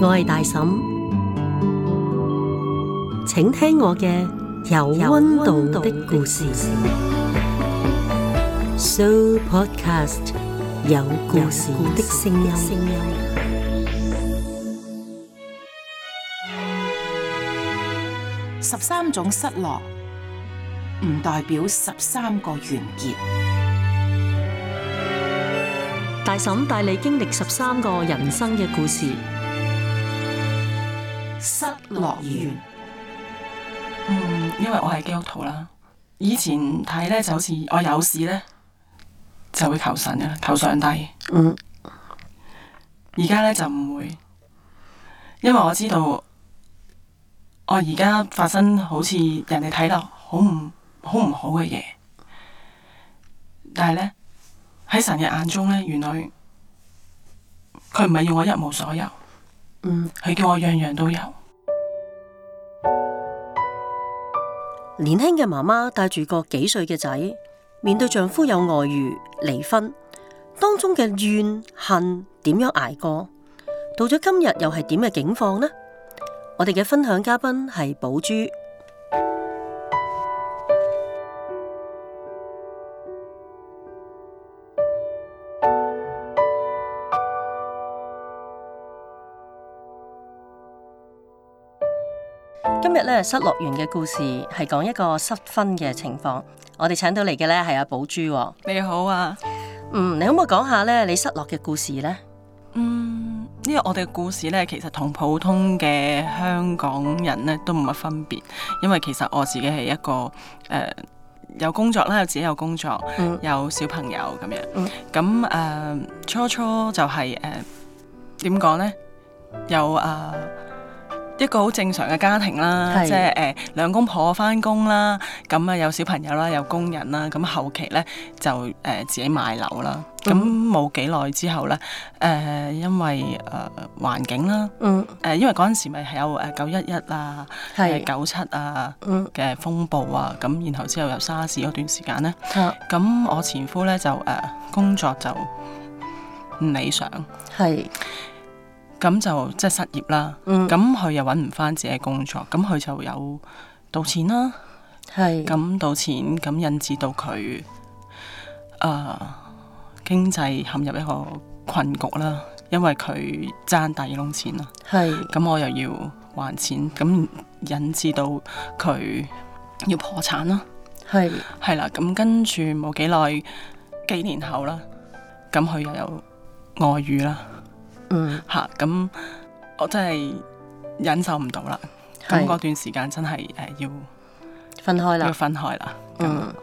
我係大嬸，請聽我嘅、有温度的故事。So Podcast 有故事的聲音。十三種失落唔代表十三個完結。大嬸帶你經歷十三個人生嘅故事。樂園。嗯，因為我係基督徒啦，以前睇咧就好似我有事咧就會求神呀，求上帝。嗯。而家咧就唔會，因為我知道我而家發生好似人哋睇落好唔好唔好嘅嘢，但係咧喺神嘅眼中咧，原來佢唔係要我一無所有，嗯，佢叫我樣樣都有。年輕嘅媽媽帶住個幾歲嘅仔，面對丈夫有外遇、離婚，當中嘅怨恨，點樣捱過？到咗今日又係點嘅境況呢？我哋嘅分享嘉賓係寶珠。咧失樂園嘅故事係講一個失婚嘅情況，我哋請到嚟嘅咧係阿寶珠。你好啊，嗯，你可唔可以講下咧你失落嘅故事咧？嗯，因為我哋嘅故事咧，其實同普通嘅香港人咧都冇乜分別，因為其實我自己係一個誒、呃、有工作啦，有自己有工作，嗯、有小朋友咁樣，咁誒、嗯呃、初初就係誒點講咧？有誒。呃一個好正常嘅家庭啦，是即係誒、呃、兩公婆翻工啦，咁啊有小朋友啦，有工人啦，咁後期咧就誒、呃、自己買樓啦，咁冇幾耐之後咧，誒、呃、因為誒、呃、環境啦，誒、嗯、因為嗰陣時咪係有誒九一一啊，九七是、呃、啊嘅風暴啊，咁、嗯、然後之後有沙士嗰段時間咧，咁、啊、我前夫咧就誒、呃、工作就唔理想。係。咁就即係失業啦，咁佢、嗯、又揾唔返自己嘅工作，咁佢就有賭錢啦，係是，咁賭錢咁引致到佢，誒、呃，經濟陷入一個困局啦，因為佢爭大窿錢啦，係是，咁我又要還錢，咁引致到佢要破產是啦，係，係啦，咁跟住冇幾耐幾年後啦，咁佢又有外遇啦。嗯，吓咁、啊，我真係忍受唔到啦。咁嗰段時間真係誒、呃、要，要分開啦，要分開啦。嗯，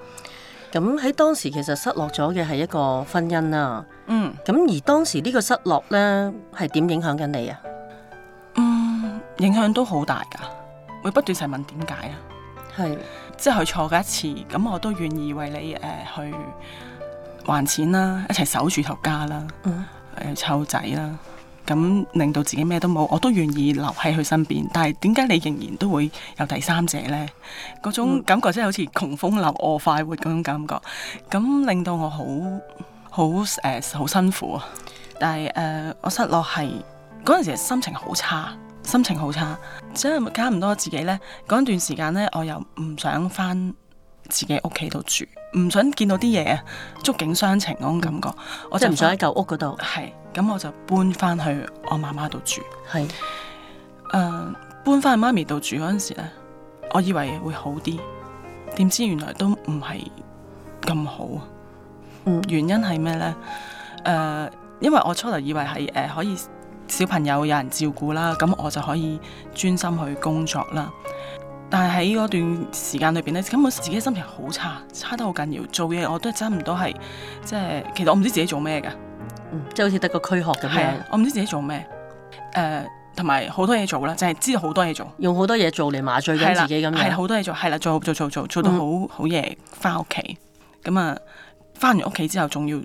咁喺當時其實失落咗嘅係一個婚姻啦、啊。嗯，咁而當時呢個失落咧係點影響緊你啊？嗯，影響都好大噶，會不斷細問，點解啊？係是，即係佢錯過一次，咁我都願意為你誒、呃、去還錢啦，一齊守住頭家啦，嗯，誒湊仔啦。咁令到自己咩都冇，我都願意留喺佢身邊。但係點解你仍然都會有第三者呢？嗰種感覺真係好似窮風流、餓快活嗰種感覺，咁令到我好好誒、呃、好辛苦啊。但係誒、呃，我失落係嗰陣時心情好差，心情好差，即係加唔多自己呢。嗰段時間呢，我又唔想返自己屋企度住。唔想見到啲嘢觸景傷情嗰種感覺，嗯、我就唔想喺舊屋嗰度。係，咁我就搬翻去我媽媽度住。係，誒、呃、搬翻去媽咪度住嗰陣時咧，我以為會好啲，點知原來都唔係咁好。嗯，原因係咩咧？誒、呃，因為我初頭以為係誒、呃、可以小朋友有人照顧啦，咁我就可以專心去工作啦。但係喺嗰段時間裏邊咧，根本自己嘅心情好差，差得好緊要。做嘢我都差唔多係，即係其實我唔知自己做咩嘅，嗯，即係好似得個軀殼咁樣。啊，我唔知自己做咩，誒同埋好多嘢做啦，就係知道好多嘢做，用好多嘢做嚟麻醉緊自己咁、啊、樣。係好、啊、多嘢做，係啦、啊，做做做做做到好好夜翻屋企。咁、嗯、啊，翻完屋企之後仲要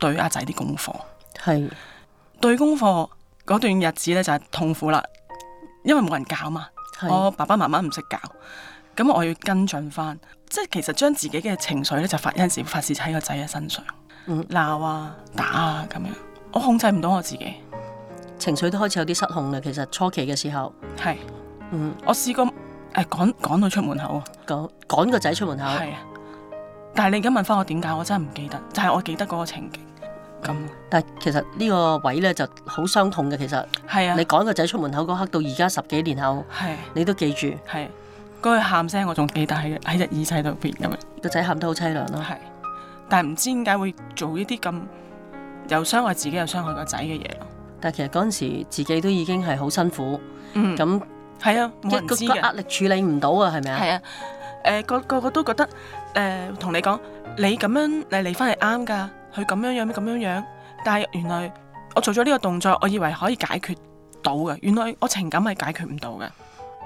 對阿仔啲功課，係是對功課嗰段日子咧就係、是、痛苦啦，因為冇人教啊嘛。是我爸爸媽媽唔識教，咁我要跟進翻，即係其實將自己嘅情緒咧就發，有陣時發洩喺個仔嘅身上，鬧、嗯、啊打啊咁樣，我控制唔到我自己，情緒都開始有啲失控啦。其實初期嘅時候係，是嗯，我試過誒趕趕到出門口，趕趕個仔出門口，係啊，但係你而家問翻我點解，我真係唔記得，就係、係、我記得嗰個情景。咁、嗯，但係其實呢個位咧就好傷痛嘅。其實，係啊，你趕個仔出門口嗰刻到而家十幾年後，係、啊，你都記住，係、啊。嗰、嗰個喊聲我仲記得得、啊啊，但係喺隻耳仔度邊咁啊。個仔喊得好淒涼咯，係。但係唔知點解會做一啲咁又傷害自己又傷害個仔嘅嘢咯。但係其實嗰陣時自己都已經係好辛苦，咁係、嗯、樣啊，一、嗰個、嗰個壓力處理唔到啊，係咪啊？係啊，誒，個個都覺得，誒、呃，同你講，你咁樣你離婚係啱㗎。佢咁樣樣咁樣樣，但係原來我做咗呢個動作，我以為可以解決到嘅，原來我情感係解決唔到嘅。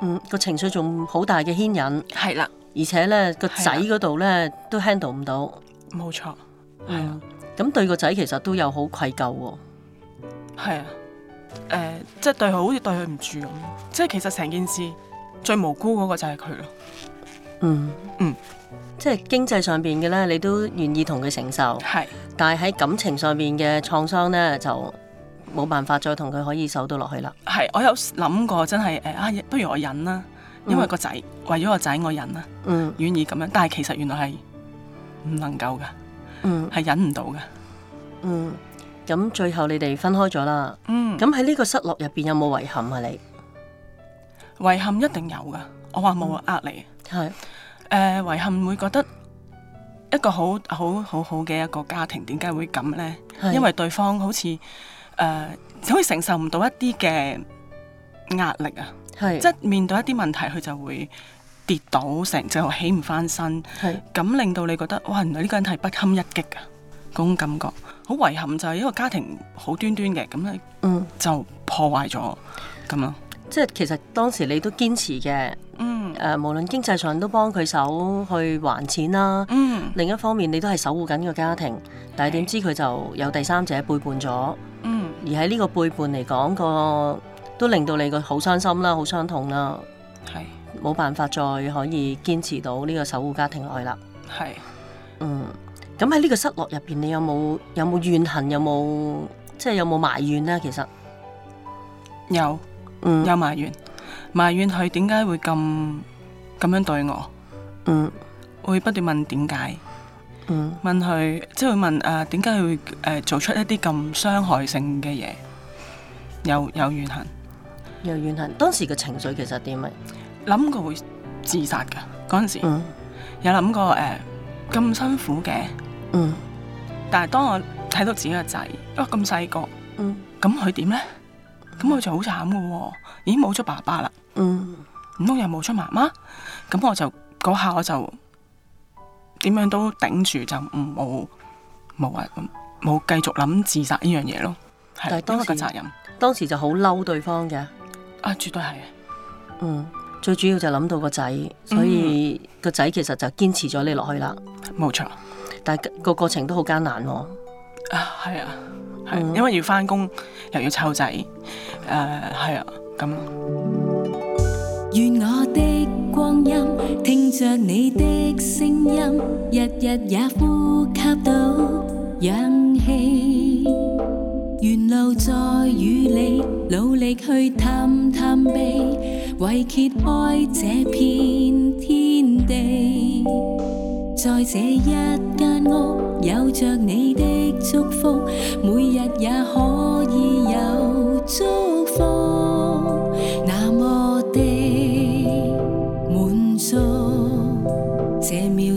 嗯，個情緒仲好大嘅牽引。係啦的，而且咧個仔嗰度咧都 handle 唔到。冇錯，係、嗯、啊。咁的、嗯、對個仔其實都有好愧疚喎、哦。係啊，誒、呃，即係對佢好似對佢唔住咁。即係其實成件事最無辜嗰個就係佢咯。嗯嗯。嗯即係經濟上邊嘅咧，你都願意同佢承受。係是，但係喺感情上面嘅創傷咧，就冇辦法再同佢可以守到落去啦。係，我有諗過，真係誒，啊，不如我忍啦，因為個仔，嗯、為咗個仔，我忍啦。嗯，願意咁樣，但係其實原來係唔能夠噶、嗯嗯，嗯，係忍唔到噶。嗯，咁最後你哋分開咗啦。嗯，咁喺呢個失落入邊有冇遺憾啊？你遺憾一定有噶，我話冇啊，呃你係。嗯嗯誒，遺、呃、憾會覺得一個好好好，好好好嘅一個家庭，點解會咁呢？是因為對方好似誒，佢、呃、承受唔到一啲嘅壓力啊，是即係面對一啲問題，佢就會跌倒，成就起唔翻身，咁是令到你覺得哇，原來呢個人係不堪一擊啊！嗰種感覺，好遺憾就係一個家庭好端端嘅，咁咧，就破壞咗咁咯。嗯、樣即係其實當時你都堅持嘅。嗯，誒，無論經濟上都幫佢手去還錢啦，啊。嗯，另一方面你都係守護緊個家庭，是但係點知佢就有第三者背叛咗。嗯，而喺呢個背叛嚟講，個都令到你個好傷心啦，好傷痛啦。係是，冇辦法再可以堅持到呢個守護家庭落去啦。係是，嗯，咁喺呢個失落入邊，你有冇有冇怨恨？有冇即係有冇、就是、埋怨呢？其實有，嗯，有埋怨。埋怨佢點解會咁咁樣對我，嗯，會不斷問點解，嗯，問佢即係會問啊點解會誒、呃、做出一啲咁傷害性嘅嘢，有有怨恨，有怨恨。當時嘅情緒其實點啊？諗過會自殺噶，嗰陣時，嗯、有諗過誒咁、呃、辛苦嘅，嗯，但係當我睇到自己個仔，哇咁細個，嗯，咁佢點咧？咁佢就好慘噶，已經冇咗爸爸啦。嗯，唔通又冇出媽媽？咁我就嗰下我就點樣都頂住，就唔冇冇啊冇繼續諗自殺呢樣嘢咯。但係因為個責任，當時就好嬲對方嘅，啊絕對係，嗯，最主要就諗到個仔，所以個仔、嗯、其實就堅持咗你落去啦。冇錯錯，但係個過程都好艱難喎、哦。啊係啊，係、啊啊啊嗯啊、因為要翻工又要湊仔，誒係啊咁。願我的光陰，聽着你的聲音，日日也呼吸到氧氣。沿路在與你努力去探探秘，為揭開這片天地。在這一間屋有着你的祝福，每日也可以有祝福。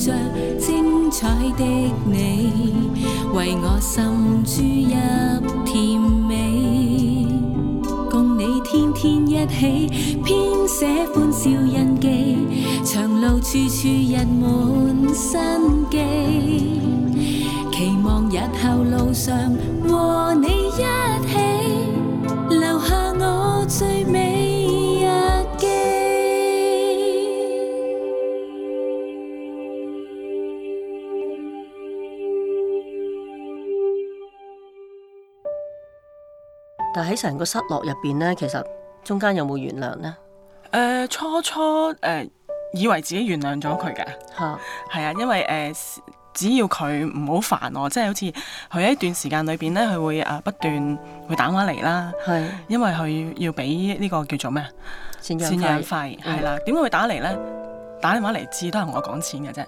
着精彩的你，為我心注入甜美，共你天天一起編寫歡笑印記，長路處處日滿生機。期望日後路上和你一起留下我最美。但喺成個失落入邊咧，其實中間有冇原諒呢？誒、呃，初初誒、呃、以為自己原諒咗佢嘅吓，係啊，因為誒、呃、只要佢唔好煩我，即係好似佢喺一段時間裏邊咧，佢會誒不斷會打翻嚟啦。係的，因為佢要俾呢個叫做咩？贍養費係啦，點解、嗯、會打嚟咧？打電話嚟知都係同我講錢嘅啫。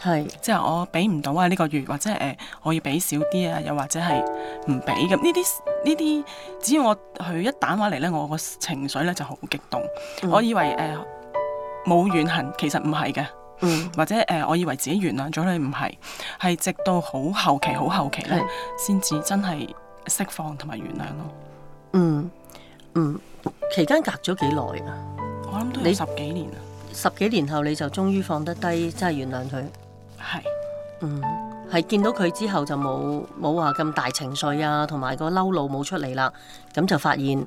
係，是即係我俾唔到啊呢、這個月，或者誒、呃、我要俾少啲啊，又或者係唔俾咁呢啲呢啲，只要我佢一打話嚟咧，我個情緒咧就好激動。嗯、我以為誒冇怨恨，其實唔係嘅，嗯、或者誒、呃、我以為自己原諒咗你唔係，係直到好後期好後期咧，先至是真係釋放同埋原諒咯。嗯嗯，期間隔咗幾耐啊？我諗都有十幾年啊，十幾年後你就終於放得低，真係原諒佢。係，是嗯，係見到佢之後就冇冇話咁大情緒啊，同埋個嬲怒冇出嚟啦，咁就發現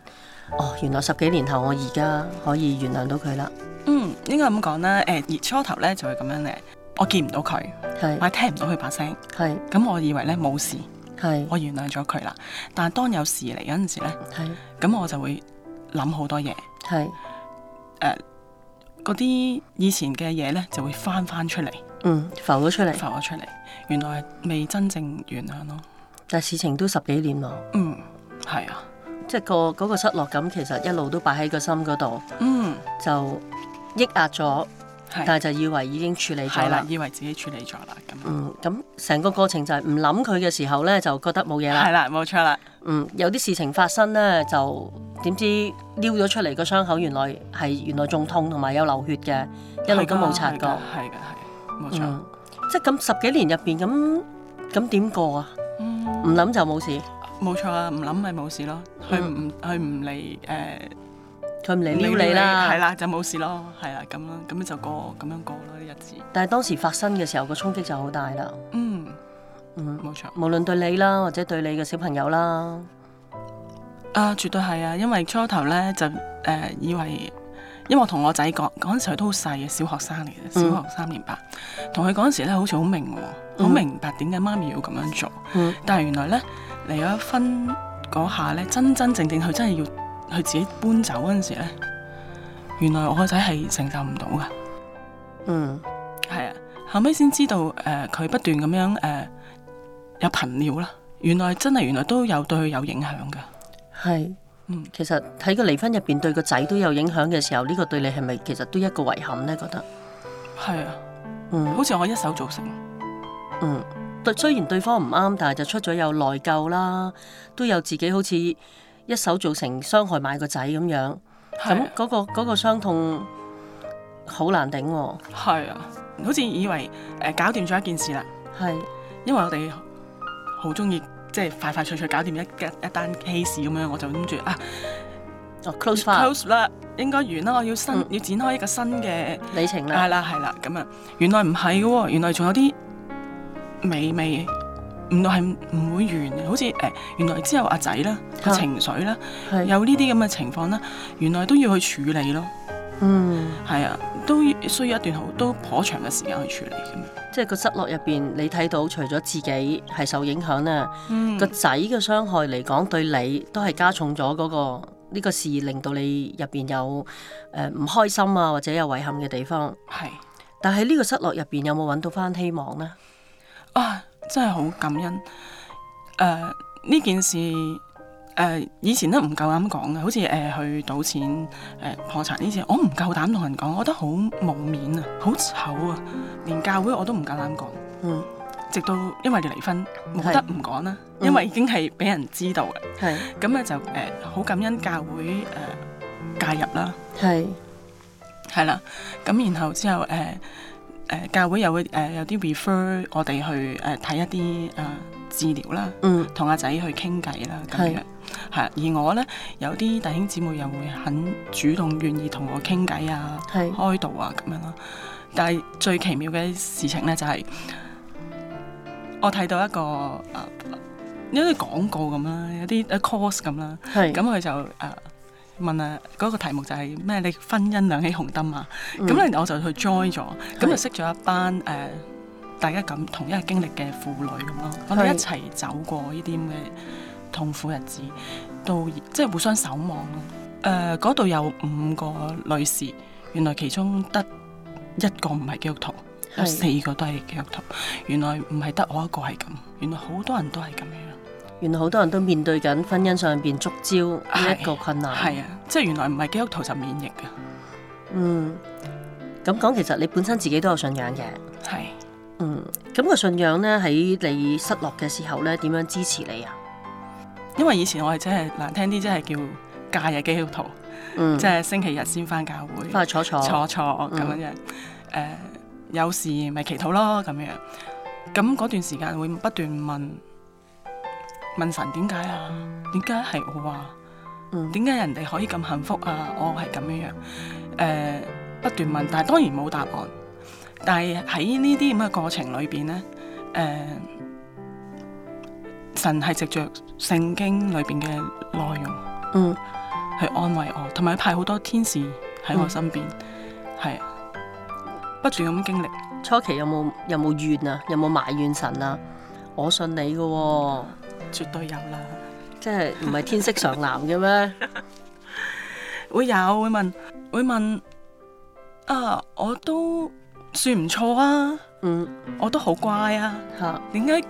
哦，原來十幾年後我而家可以原諒到佢啦。嗯，應該咁講啦，誒、呃，初頭咧就係、是、咁樣咧，我見唔到佢，係是，我聽唔到佢把聲，係是，咁我以為咧冇事，係是，我原諒咗佢啦。但係當有事嚟嗰陣時咧，係是，咁我就會諗好多嘢，係是，誒、呃，嗰啲以前嘅嘢咧就會翻翻出嚟。嗯，浮咗出嚟，浮咗出嚟，原來係未真正完滿咯。但事情都十幾年咯。嗯，係啊，即係個嗰個失落感，其實一路都擺喺個心嗰度。嗯，就抑壓咗，的但係就以為已經處理咗啦，以為自己處理咗啦。咁嗯，咁成個過程就係唔諗佢嘅時候咧，就覺得冇嘢啦。係啦，冇錯啦。嗯，有啲事情發生咧，就點知撩咗出嚟個傷口，原來係原來仲痛同埋有流血嘅，一路都冇擦過。係嘅。冇錯、嗯，即係咁十幾年入面咁咁點過啊？唔諗、嗯、就冇事，冇錯啊！唔諗咪冇事咯，佢唔佢唔嚟誒，佢唔嚟撩你啦，係啦就冇事咯，係啦咁啦咁樣就過咁樣過咯啲日子。但係當時發生嘅時候個衝擊就好大啦。嗯嗯，冇錯、嗯。錯無論對你啦，或者對你嘅小朋友啦，啊，絕對係啊，因為初頭咧就誒、呃、以為。因為我同我仔講嗰陣時，佢都好細嘅，小學生嚟嘅，小學三年班、嗯。同佢嗰陣時咧，好似好明，好明白點解媽咪要咁樣做。嗯、但係原來咧，離咗婚嗰下咧，真真正正佢真係要佢自己搬走嗰陣時咧，原來我個仔係承受唔到噶。嗯，係啊，後尾先知道誒，佢、呃、不斷咁樣誒、呃、有頻尿啦。原來真係，原來都有對佢有影響噶。係。嗯，其實喺個離婚入邊對個仔都有影響嘅時候，呢個對你係咪其實都一個遺憾呢？覺得係啊，嗯，好似我一手造成，嗯，對，雖然對方唔啱，但係就出咗有內疚啦，都有自己好似一手造成傷害埋個仔咁樣，咁嗰個嗰個傷痛好難頂啊，係啊，好似以為誒搞掂咗一件事啦，係，因為我哋好中意。即係快快脆脆搞掂一嘅一,一單 case 咁樣，我就諗住啊、oh,，close 啊 close 啦了，應該完啦。我要新、嗯、要展開一個新嘅旅程啦，係啦係啦。咁啊，原來唔係嘅，原來仲有啲未未，唔到係唔會完。好似誒、呃，原來之後阿仔啦個情緒啦，啊、有呢啲咁嘅情況啦，原來都要去處理咯。嗯，係啊，都需要一段好都頗長嘅時間去處理嘅。即係個失落入邊，你睇到除咗自己係受影響啊，嗯、個仔嘅傷害嚟講，對你都係加重咗嗰個呢個事，令到你入邊有誒唔開心啊，或者有遺憾嘅地方。係。但係呢個失落入邊有冇搵到翻希望呢？啊，真係好感恩誒！呢件事。誒、呃，以前都唔夠膽講嘅，好似誒去賭錢誒、呃、破產呢啲，我唔夠膽同人講，我覺得好冇面啊，好醜啊，連教會我都唔夠膽講。嗯，直到因為離婚冇得唔講啦，因為已經係俾人知道嘅。係咁咧就誒好、呃、感恩教會誒、呃、介入是啦。係係啦，咁然後之後誒誒、呃、教會又會誒、呃、有啲 refer 我哋去誒睇、呃、一啲誒、呃、治療啦。同阿仔去傾偈啦咁樣。呃是係，而我咧有啲弟兄姊妹又會很主動願意同我傾偈啊，是開導啊咁樣咯。但係最奇妙嘅事情咧就係、是，我睇到一個誒、呃，有啲廣告咁啦，有啲 course 咁啦，咁佢是就誒、呃、問啊，嗰、那個題目就係咩？你婚姻亮起紅燈啊？咁咧、嗯、我就去 join 咗，咁是就識咗一班誒、呃，大家咁同一經歷嘅婦女咁咯，我哋一齊走過呢啲咁嘅。痛苦日子，到即係互相守望咯。誒、呃，嗰度有五個女士，原來其中得一個唔係基督徒，是有四個都係基督徒。原來唔係得我一個係咁，原來好多人都係咁樣。原來好多，多人都面對緊婚姻上邊觸礁呢一個困難。係啊，啊，即係原來唔係基督徒就免疫嘅。嗯，咁講，其實你本身自己都有信仰嘅。係是嗯，咁、那個信仰咧喺你失落嘅時候咧，點樣支持你啊？因為以前我係真係難聽啲，真係叫假日基督徒，嗯、即係星期日先翻教會，翻去坐坐坐坐咁樣，誒、嗯呃、有事咪祈禱咯咁樣。咁嗰段時間會不斷問問神點解啊？點解係我啊？點解、嗯、人哋可以咁幸福啊？我係咁樣樣誒、呃、不斷問，嗯、但係當然冇答案。嗯、但係喺呢啲咁嘅過程裏邊咧，誒、呃。神係藉着聖經裏邊嘅內容，嗯，去安慰我，同埋派好多天使喺我身邊，係、嗯、不斷咁經歷。初期有冇有冇怨啊？有冇埋怨神啊？我信你嘅、哦，絕對有啦。即係唔係天色常藍嘅咩 ？會有會問會問啊！我都算唔錯啊，嗯，我都好乖啊，吓的？點解？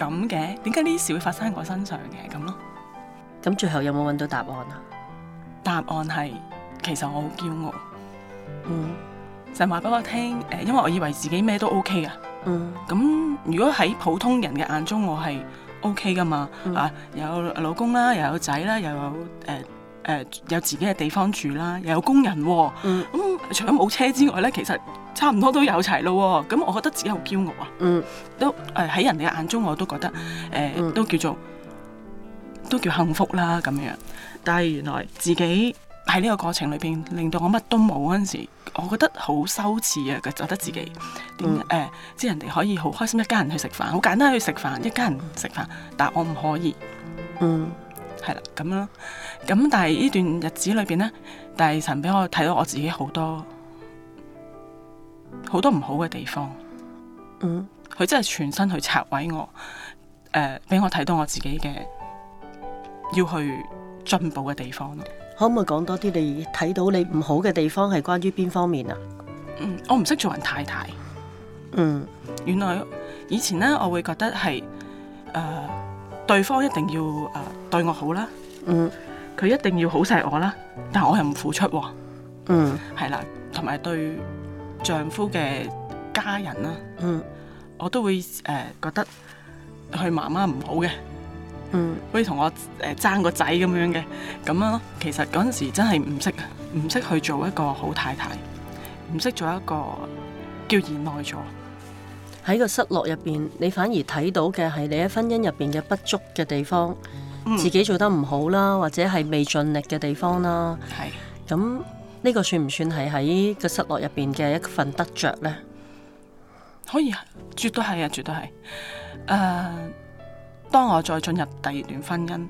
咁嘅，點解呢啲事會發生喺我身上嘅咁咯？咁最後有冇搵到答案啊？答案係，其實我好驕傲。嗯，就話俾我聽，誒，因為我以為自己咩都 OK 噶嗯。咁如果喺普通人嘅眼中，我係 OK 噶嘛嗯、啊，有老公啦，又有仔啦，又有誒。呃誒、呃，有自己嘅地方住啦，又有工人、喔，咁、嗯嗯、除咗冇車之外呢，其實差唔多都有齊咯、喔。咁我覺得自己好驕傲啊，嗯、都誒喺、呃、人哋眼中，我都覺得誒、呃嗯、都叫做都叫幸福啦咁樣。但係原來自己喺呢個過程裏邊，令到我乜都冇嗰陣時，我覺得好羞恥啊，覺得自己誒，即係、嗯呃、人哋可以好開心一家人去食飯，好簡單去食飯，一家人食飯，嗯、但我唔可以，嗯。係啦，咁咯，咁但係呢段日子裏邊呢，大神俾我睇到我自己多多好多好多唔好嘅地方，嗯，佢真係全身去拆毀我，誒、呃，俾我睇到我自己嘅要去進步嘅地方。可唔可以講多啲？你睇到你唔好嘅地方係關於邊方面啊？嗯，我唔識做人太太，嗯，原來以前呢，我會覺得係誒、呃、對方一定要誒。呃對我好啦，佢一定要好錫我啦，但係我又唔付出喎，係啦，同埋對丈夫嘅家人啦，我都會誒覺得佢媽媽唔好嘅，好似同我誒爭個仔咁樣嘅咁樣咯。其實嗰陣時真係唔識唔識去做一個好太太，唔識做一個叫忍耐座。喺個失落入邊，你反而睇到嘅係你喺婚姻入邊嘅不足嘅地方。自己做得唔好啦，或者係未盡力嘅地方啦。係咁呢個算唔算係喺個失落入邊嘅一份得着呢？可以，絕對係啊，絕對係。誒、uh，當我再進入第二段婚姻，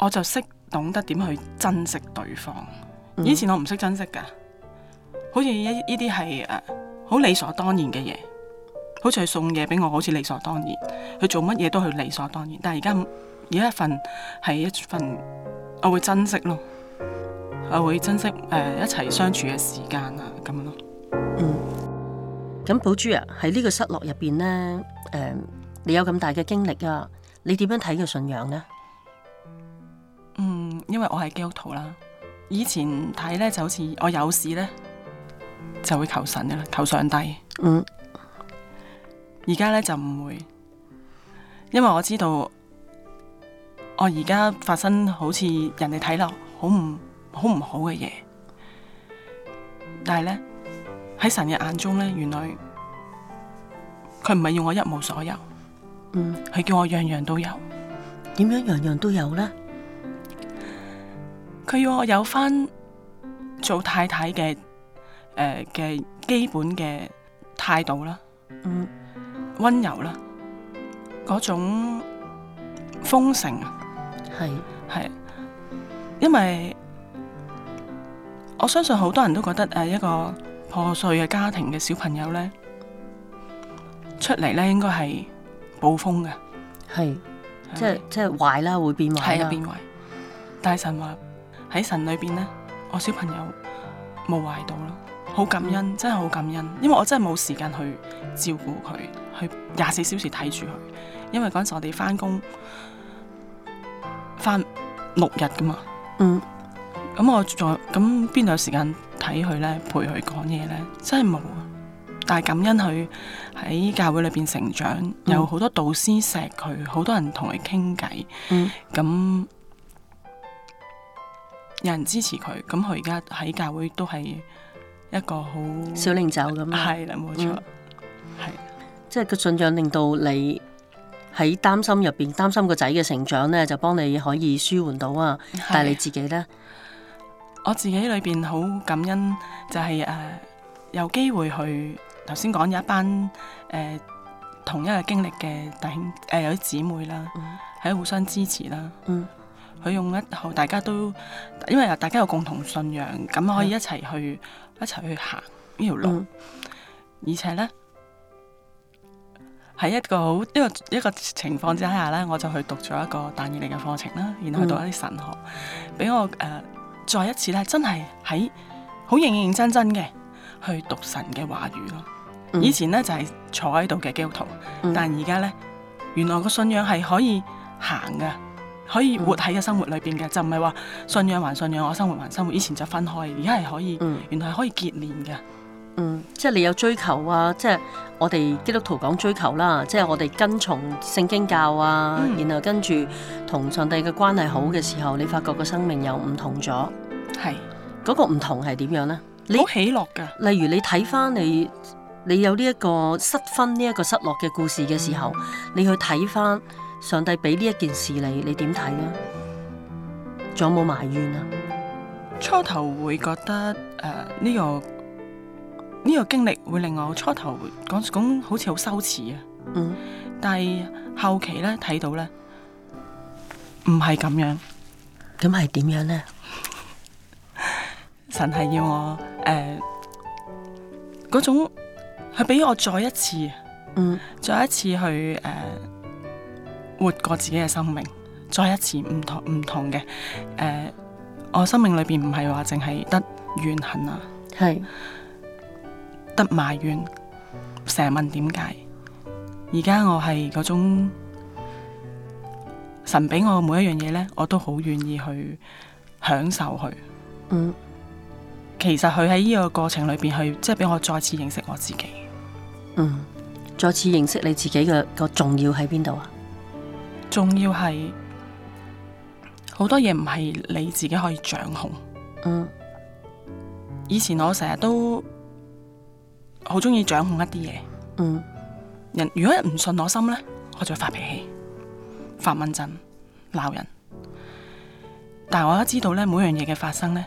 我就識懂得點去珍惜對方。以前我唔識珍惜噶，好似呢啲係誒好理所當然嘅嘢。好似佢送嘢俾我，好似理所當然。佢做乜嘢都係理所當然。但係而家有一份係一份，我會珍惜咯。我會珍惜誒、呃、一齊相處嘅時間啊咁樣咯。嗯。咁寶珠啊，喺呢個失落入邊咧，誒、呃，你有咁大嘅經歷啊？你點樣睇嘅信仰咧？嗯，因為我係基督徒啦。以前睇咧就好似我有事咧，就會求神噶啦，求上帝。嗯。而家咧就唔會，因為我知道我而家發生好似人哋睇落好唔好唔好嘅嘢，但係咧喺神嘅眼中咧，原來佢唔係要我一無所有，嗯，佢叫我樣樣都有。點樣樣樣都有咧？佢要我有返做太太嘅誒嘅基本嘅態度啦，嗯。溫柔啦，嗰種豐盛啊，係係是，因為我相信好多人都覺得誒一個破碎嘅家庭嘅小朋友咧，出嚟咧應該係暴風嘅，係是吧即即壞啦，會變壞啦，變壞。但係神話喺神裏邊咧，我小朋友冇壞到咯。好感恩，真係好感恩，因為我真係冇時間去照顧佢，去廿四小時睇住佢。因為嗰陣時我哋翻工，翻六日噶嘛。嗯。咁我仲咁邊度有時間睇佢呢？陪佢講嘢呢？真係冇。但係感恩佢喺教會裏邊成長，嗯、有好多導師錫佢，好多人同佢傾偈。嗯。咁有人支持佢，咁佢而家喺教會都係。一個好小領袖咁，係啦，冇錯、啊，係，嗯、的即係個信仰令到你喺擔心入邊，擔心個仔嘅成長咧，就幫你可以舒緩到啊。的但係你自己咧，我自己裏邊好感恩，就係、是、誒、啊、有機會去頭先講有一班誒、呃、同一個經歷嘅弟兄誒、呃、有啲姊妹啦，喺、嗯、互相支持啦，嗯，佢、嗯、用一套大家都因為大家有共同信仰，咁可以一齊去。一齊去行呢條路，嗯、而且呢，喺一個好一個一個情況之下呢，我就去讀咗一個但以理嘅課程啦，然後去讀一啲神學，俾我誒、呃、再一次呢，真係喺好認認真真嘅去讀神嘅話語咯。嗯、以前呢，就係、是、坐喺度嘅基督徒，嗯、但而家呢，原來個信仰係可以行噶。可以活喺個生活裏邊嘅，嗯、就唔係話信仰還信仰，我生活還生活，以前就分開，而家係可以，嗯、原來係可以結連嘅。嗯，即係你有追求啊，即係我哋基督徒講追求啦、啊，即係我哋跟從聖經教啊，嗯、然後跟住同上帝嘅關係好嘅時候，你發覺個生命又唔同咗。係是，嗰個唔同係點樣呢？好喜樂㗎。例如你睇翻你，你有呢一個失分呢一個失落嘅故事嘅時候，嗯、你去睇翻。上帝俾呢一件事你，你點睇呢？仲有冇埋怨啊？初頭會覺得誒，呢、呃這個呢、這個經歷會令我初頭講講好似好羞恥啊。嗯。但係後期咧睇到咧，唔係咁樣。咁係點樣咧？ 神係要我誒，嗰、呃、種係俾我再一次，嗯，再一次去誒。呃活過自己嘅生命，再一次唔同唔同嘅，誒、呃，我生命裏邊唔係話淨係得怨恨啊，係是得埋怨，成日問點解。而家我係嗰種神俾我每一樣嘢咧，我都好願意去享受佢。嗯，其實佢喺呢個過程裏邊，去，即係俾我再次認識我自己。嗯，再次認識你自己嘅，嗰個重要喺邊度啊？仲要係好多嘢唔係你自己可以掌控。嗯，以前我成日都好中意掌控一啲嘢。嗯，人如果唔信我心呢，我就會發脾氣、發蠻震、鬧人。但我一知道呢，每樣嘢嘅發生呢，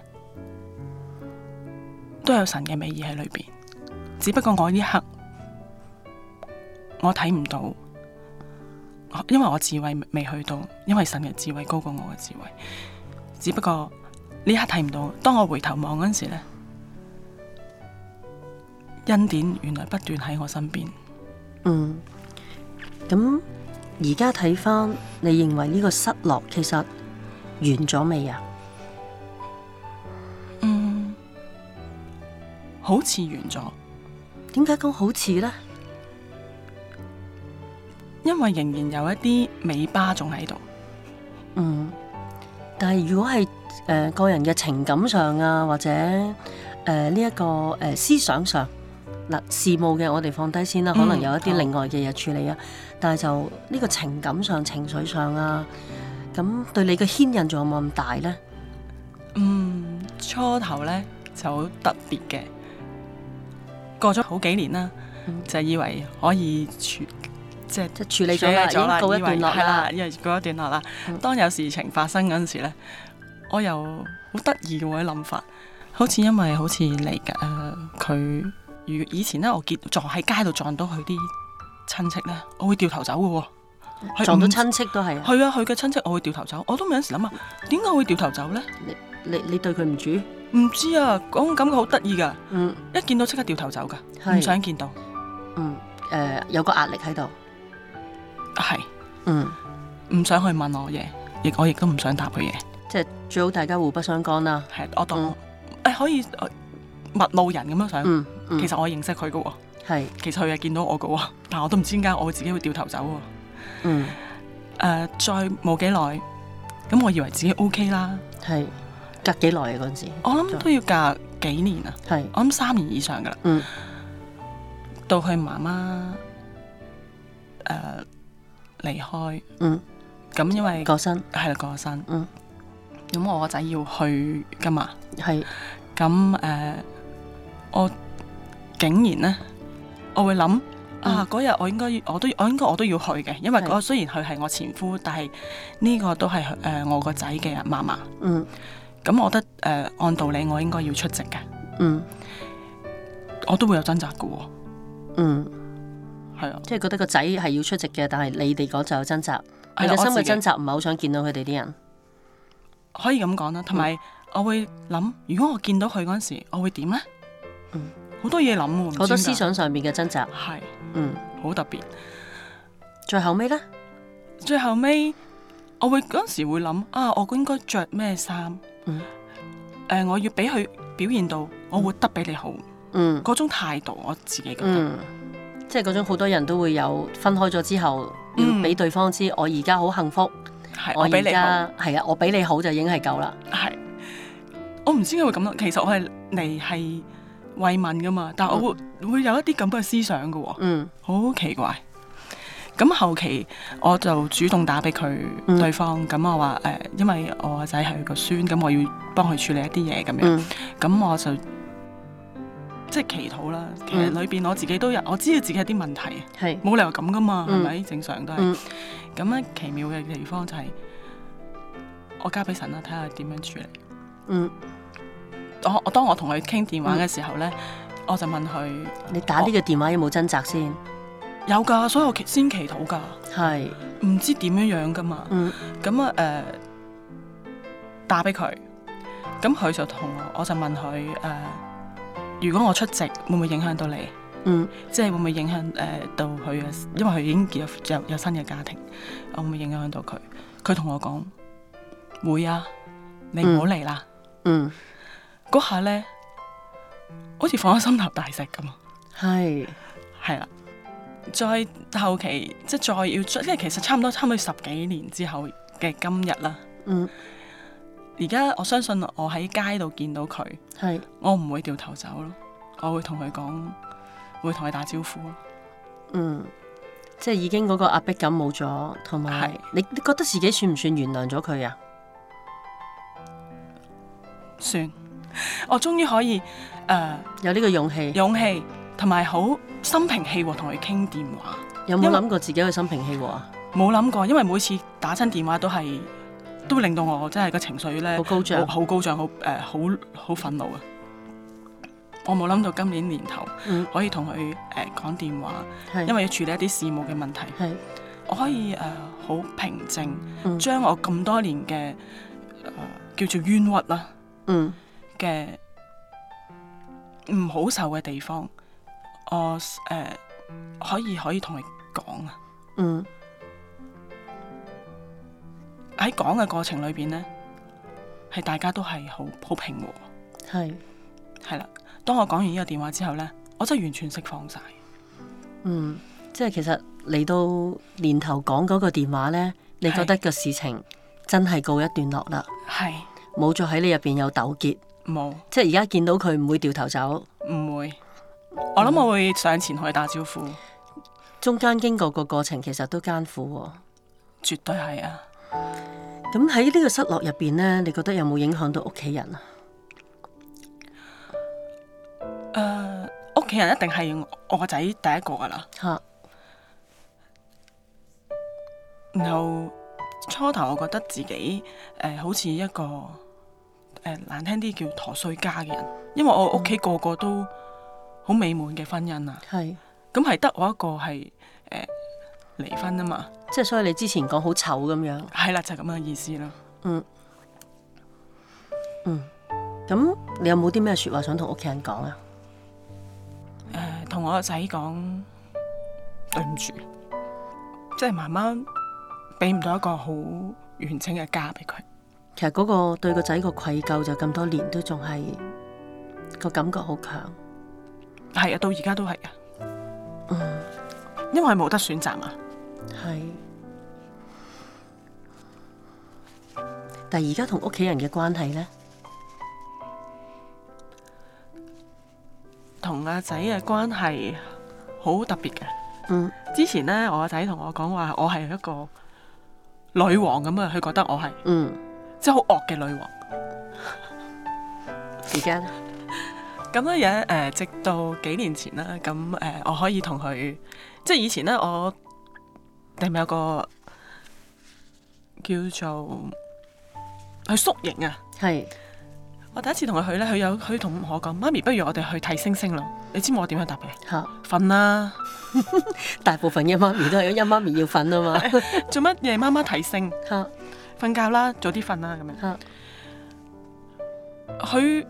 都有神嘅美意喺裏邊，只不過我呢刻我睇唔到。因為我智慧未去到，因為神嘅智慧高過我嘅智慧。只不過呢刻睇唔到，當我回頭望嗰陣時呢，恩典原來不斷喺我身邊。嗯，咁而家睇翻，你認為呢個失落其實完咗未啊？嗯，好似完咗。點解咁好似呢？因為仍然有一啲尾巴仲喺度，嗯，但係如果係誒、呃、個人嘅情感上啊，或者誒呢一個誒、呃、思想上嗱、呃、事務嘅，我哋放低先啦，可能有一啲另外嘅嘢處理啊，好但係就呢、這個情感上、情緒上啊，咁對你嘅牽引仲有冇咁大呢？嗯，初頭呢，就好特別嘅，過咗好幾年啦，嗯、就以為可以存。即係處理咗啦，已經告一段落啦，因為告一段落啦。嗯、當有事情發生嗰陣時咧，我又好得意嘅我啲諗法，好似因為好似嚟嘅佢，呃、以前咧，我見撞喺街度撞到佢啲親戚咧，我會掉頭走嘅喎、哦。撞到親戚都係係啊，佢嘅親戚，我會掉頭走。我都有時諗啊，點解我會掉頭走咧？你你你對佢唔住？唔知啊，講感覺好得意㗎。嗯、一見到即刻掉頭走㗎，唔是想見到。嗯，誒、呃、有個壓力喺度。係，是嗯，唔想去問我嘢，亦我亦都唔想答佢嘢，即係最好大家互不相乾啦、啊。係，我當誒、嗯哎、可以陌路人咁樣想。嗯嗯、其實我認識佢嘅喎，係是，其實佢係見到我嘅喎、哦，但我都唔知點解我自己會掉頭走。嗯，誒、uh,，再冇幾耐，咁我以為自己 OK 啦。係，隔幾耐嘅嗰陣時，我諗都要隔幾年啊。係是，我諗三年以上噶啦。嗯，到佢媽媽誒。呃呃離開嗯，咁因為過身係啦過身嗯，咁我個仔要去噶嘛係，咁誒是、呃、我竟然咧我會諗、嗯、啊嗰日我應該我都我應該我都要去嘅，因為我雖然佢係我前夫，但係呢個都係誒、呃、我個仔嘅媽媽嗯，咁我覺得誒、呃、按道理我應該要出席嘅嗯，我都會有掙扎嘅喎嗯。即係覺得個仔係要出席嘅，但係你哋講就有掙扎，內心嘅掙扎唔係好想見到佢哋啲人，可以咁講啦。同埋我會諗，如果我見到佢嗰時，我會點呢？好多嘢諗，好多思想上面嘅掙扎，係嗯好特別。最後尾呢？最後尾我會嗰時會諗啊，我應該着咩衫？誒，我要俾佢表現到我活得比你好。嗰種態度我自己覺得。即係嗰種好多人都會有分開咗之後，要俾、嗯嗯、對方知我而家好幸福，是我而家係啊，我比你好就已經係夠啦。係，我唔知點解會咁樣。其實我係嚟，係慰問噶嘛，但係我會、嗯、會有一啲咁嘅思想噶、哦。嗯，好奇怪。咁後期我就主動打俾佢、嗯、對方，咁我話誒、呃，因為我仔係佢個孫，咁我要幫佢處理一啲嘢咁樣，咁、嗯、我就。即係祈禱啦，其實裏邊我自己都有，我知道自己有啲問題，係冇是理由咁噶嘛，係咪、嗯、正常都係？咁啊、嗯、奇妙嘅地方就係、是，我交俾神啦，睇下點樣處理。嗯，我我當我同佢傾電話嘅時候咧，嗯、我就問佢：你打呢個電話有冇掙扎先？有噶，所以我先祈禱噶。係是，唔知點樣樣噶嘛？嗯，咁啊誒，打俾佢，咁佢就同我，我就問佢誒。嗯如果我出席，會唔會影響到你？嗯，即係會唔會影響誒、呃、到佢啊？因為佢已經結有有，有新嘅家庭，我會唔會影響到佢？佢同我講會啊，你唔好嚟啦。嗯，嗰下咧好似放咗心頭大石咁啊。係係啦，再後期即係再要出，即係，其實差唔多差唔多十幾年之後嘅今日啦。嗯。而家我相信我喺街度見到佢，是我唔會掉頭走咯，我會同佢講，會同佢打招呼咯。嗯，即係已經嗰個壓迫感冇咗，同埋你你覺得自己算唔算原諒咗佢啊？算了， 我終於可以誒、呃、有呢個勇氣，勇氣同埋好心平氣和同佢傾電話。有冇諗過自己嘅心平氣和啊？冇諗過，因為每次打親電話都係。都令到我真係個情緒咧好高漲，好高漲，好誒、呃，好好憤怒啊！我冇諗到今年年頭、嗯、可以同佢誒講電話，是因為要處理一啲事務嘅問題。是我可以誒好、呃、平靜，將、嗯、我咁多年嘅、呃、叫做冤屈啦，嗯嘅唔好受嘅地方，我誒、呃、可以可以同佢講啊，嗯。喺講嘅過程裏邊呢，係大家都係好好平和，係係啦。當我講完呢個電話之後呢，我真係完全釋放晒。嗯，即係其實嚟到年頭講嗰個電話呢，你覺得個事情真係告一段落啦？係冇是再喺你入邊有糾結，冇沒即係而家見到佢唔會掉頭走，唔會。我諗我會上前去打招呼。嗯、中間經過個過程其實都艱苦，絕對係啊。咁喺呢個失落入邊呢，你覺得有冇影響到屋企人啊？誒、呃，屋企人一定係我個仔第一個噶啦。吓、啊，然後初頭我覺得自己誒、呃、好似一個誒、呃、難聽啲叫陀衰家嘅人，因為我屋企個個都好美滿嘅婚姻啊。係，咁係得我一個係誒離婚啊嘛。即係所以你之前講好醜咁樣，係啦，就係咁嘅意思啦，嗯。嗯嗯，咁你有冇啲咩說話想同屋企人講啊？誒、呃，同我個仔講，對唔住，即係媽媽俾唔到一個好完整嘅家俾佢。其實嗰個對個仔個愧疚就咁多年都仲係個感覺好強，係啊，到而家都係啊。嗯，因為冇得選擇嘛。係，但係而家同屋企人嘅關係咧，同阿仔嘅關係好特別嘅。嗯，之前咧，我阿仔同我講話，我係一個女王咁啊，佢覺得我係，嗯，即係好惡嘅女王。而家咁啊，有誒、 呃，直到幾年前啦，咁誒、呃，我可以同佢，即係以前咧，我。定係咪有個叫做去宿營啊？係是我第一次同佢去咧，佢有佢同我講：媽咪，不如我哋去睇星星咯。你知冇？我點樣答佢？瞓啦。大部分嘅媽咪都係因媽咪要瞓啊嘛。 做乜夜媽媽睇星？吓哈，瞓覺啦，早啲瞓啦，咁樣。佢哈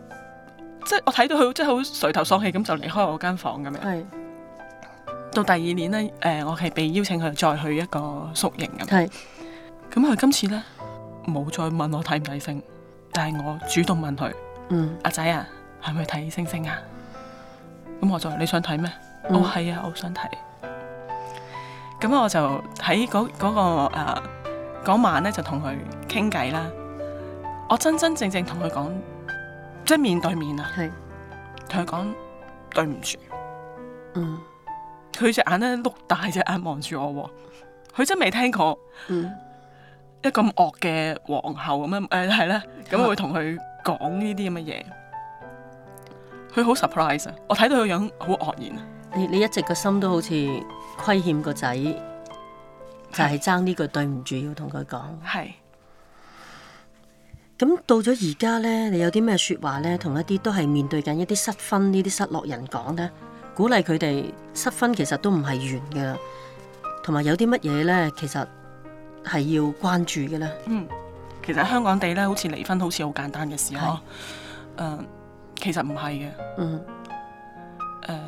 即係我睇到佢即係好垂頭喪氣咁就離開我間房咁樣。到第二年咧，誒、呃，我係被邀請佢再去一個宿營咁。係是，咁佢今次咧冇再問我睇唔睇星，但係我主動問佢，嗯，阿仔啊，係咪睇星星啊？咁我就話你想睇咩？我係、嗯 oh, 啊，我想睇。咁我就喺嗰嗰個誒、啊、晚咧，就同佢傾偈啦。我真真正正同佢講，即係面對面啊，係是，同佢講對唔住，嗯。佢隻眼咧碌大，隻眼望住我。佢真未聽過，一個咁惡嘅皇后咁樣誒，係咧，咁會同佢講呢啲咁嘅嘢。佢好 surprise 啊！我睇到個樣好愕然。你你一直個心都好似虧欠個仔，就係爭呢句對唔住要同佢講。係。咁到咗而家咧，你有啲咩說話咧？同一啲都係面對緊一啲失婚呢啲失落人講咧。鼓勵佢哋失婚，其實都唔係完嘅，同埋有啲乜嘢咧，其實係要關注嘅咧。嗯，其實香港地咧，好似離婚好似好簡單嘅事咯。誒是、呃，其實唔係嘅。嗯。誒、呃，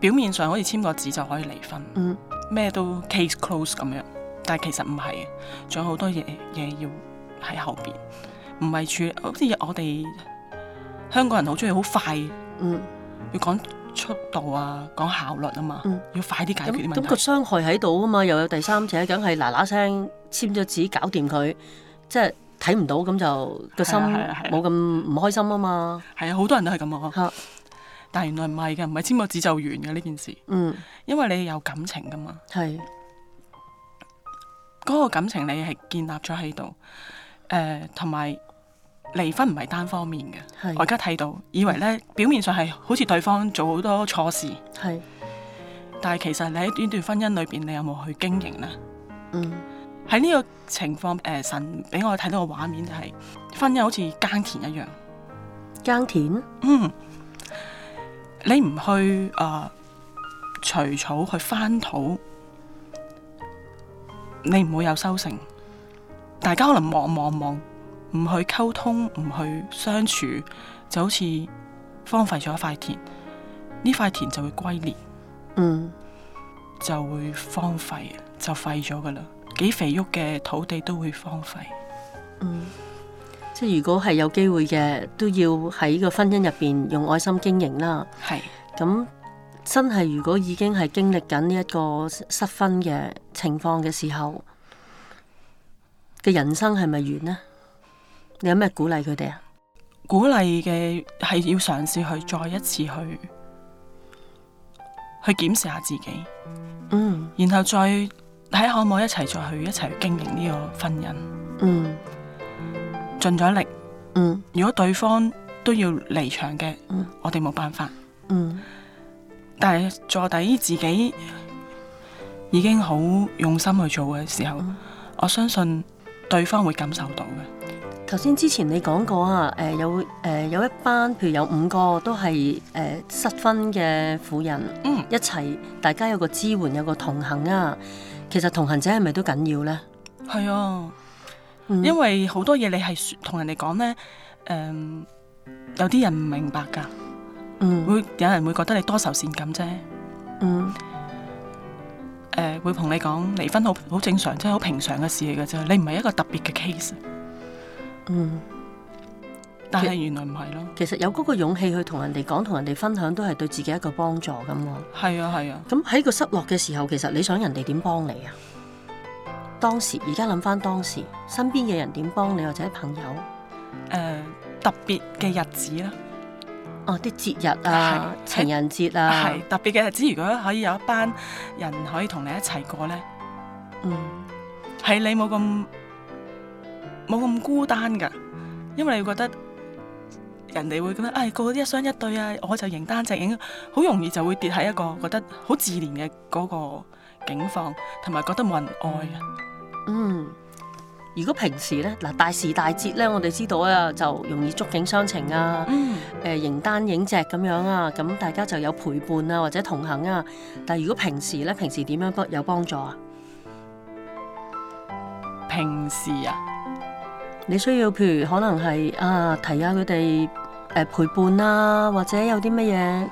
表面上可以簽個字就可以離婚。咩、嗯、都 case close 咁樣，但係其實唔係嘅，仲有好多嘢嘢要喺後邊，唔係處好似我哋香港人好中意好快。嗯。要講。速度啊，講效率啊嘛，要快啲解決啲問題。咁個傷害喺度啊嘛，又有第三者，梗係嗱嗱聲簽咗紙搞掂佢，即係睇唔到，咁就個心冇咁唔開心啊嘛。係啊，好多人都係咁啊。啊，但係原來唔係嘅，唔係簽個紙就完嘅呢件事。嗯，因為你有感情噶嘛。係、啊，嗰個感情你係建立咗喺度。誒、嗯，同埋。離婚唔係單方面嘅。是我而家睇到，以為咧、嗯、表面上係好似對方做好多錯事，是但係其實你喺呢段婚姻裏邊，你有冇去經營呢？嗯，喺呢個情況，誒、呃、神俾我睇到個畫面就係、是、婚姻好似耕田一樣，耕田，嗯，你唔去誒、呃、除草去翻土，你唔會有收成。大家可能望望望。唔去溝通，唔去相處，就好似荒廢咗一塊田，呢塊田就會龜裂，嗯，就會荒廢，就廢咗噶啦。幾肥沃嘅土地都會荒廢，嗯，即係如果係有機會嘅，都要喺個婚姻入邊用愛心經營啦。係是。咁真係如果已經係經歷緊呢一個失婚嘅情況嘅時候，嘅人生係咪完呢？你有咩鼓勵佢哋啊？鼓勵嘅係要嘗試去再一次去去檢視下自己，嗯，然後再睇可唔可以一齊再去一齊去經營呢個婚姻，嗯，盡咗力，嗯，如果對方都要離場嘅，嗯，我哋冇辦法，嗯，但係坐底自己已經好用心去做嘅時候，嗯，我相信對方會感受到嘅。頭先之前你講過啊，誒、呃、有誒、呃、有一班，譬如有五個都係誒、呃、失婚嘅婦人，嗯，一齊大家有個支援，有個同行啊。其實同行者係咪都緊要咧？係啊、哦，嗯、因為好多嘢你係同人哋講咧，誒、呃、有啲人唔明白噶，嗯，會有人會覺得你多愁善感啫，嗯，誒、呃、會同你講離婚好好正常，即係好平常嘅事嚟噶啫。你唔係一個特別嘅 case。嗯，但係原來唔係咯。其實有嗰個勇氣去同人哋講，同人哋分享都係對自己一個幫助㗎嘛。係啊係啊。咁喺、啊、個失落嘅時候，其實你想人哋點幫你啊？當時而家諗翻當時，身邊嘅人點幫你，或者朋友？誒、呃，特別嘅日子啦。哦，啲節日啊，情人節啊。係特別嘅日子，如果可以有一班人可以同你一齊過咧，嗯，係你冇咁。冇咁孤單噶，因為你會覺得人哋會覺得：哎「唉，個個一雙一對啊，我就形單隻影，好容易就會跌喺一個覺得好自憐嘅嗰個境況，同埋覺得冇人愛啊、嗯。嗯，如果平時呢，嗱大時大節呢，我哋知道咧就容易觸景傷情啊。嗯。誒、呃，形單影隻咁樣啊，咁大家就有陪伴啊，或者同行啊。但係如果平時呢，平時點樣幫有幫助啊？平時啊？你需要譬如可能係啊提下佢哋誒陪伴啦、啊，或者有啲乜嘢，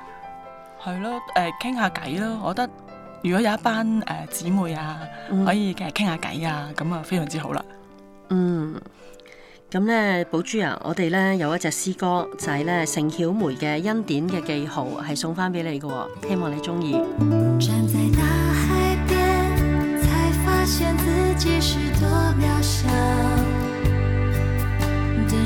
係咯誒傾下偈咯。我覺得如果有一班誒姊、呃、妹啊，可以嘅傾下偈啊，咁啊非常之好啦。嗯，咁咧，寶珠啊，我哋咧有一隻詩歌就係、是、咧盛曉梅嘅《恩典》嘅記號，係送翻俾你嘅，希望你中意。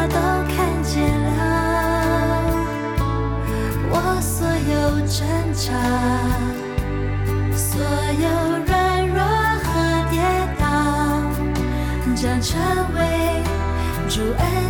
他都看見了我所有掙扎，所有軟弱和跌倒，將成為主恩。